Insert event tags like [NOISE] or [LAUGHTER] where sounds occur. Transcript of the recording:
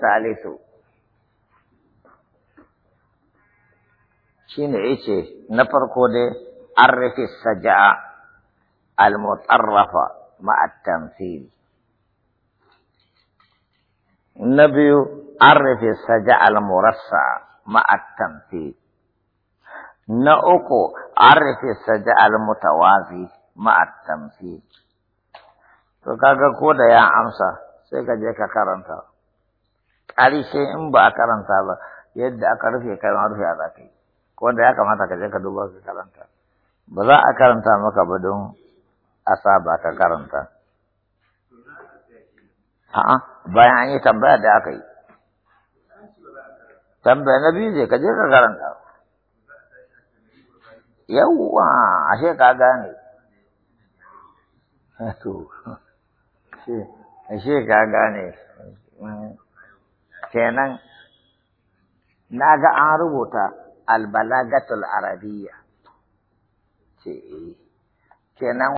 salisu shine yace na farko dai arifi saja'a al-mutarrafa ma'a tamthil na biyu arifi saja'a al-murassa ma'a tamthil na uku arifi saja'a al-mutawazi ma'a tamthil to kaga ko da ya amsa sai ka je ka karanta ƙarshe in ba a karanta ba yadda aka rufe kai ma rufe a za ka yi wanda ya kamata ka je ka duba ka karanta ba za a karanta maka ba don a sa ba ka karanta a'a bayan an yi tambaya da aka yi tambaya na biyu je ka je ka karanta yawwa a ka gane to ashe ka gane [LAUGHS] kenan na ga an rubuta albalagatul arabiya ce eh, kenan